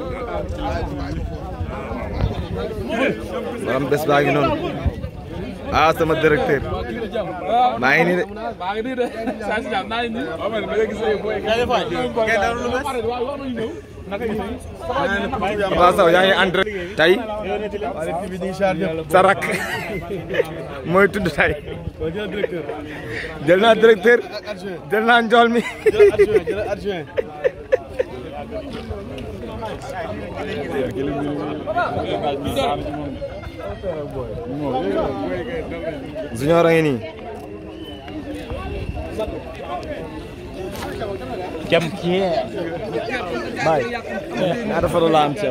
maanaam bés baa ngi noonu ah sama directeur maa ngi nii de. Papa Sow yaa ngi entre tey sa rak mooy tudd tey jël naa directeur jël naa njool mi. Junior a ngi nii jam kii baay naa dafa la am ci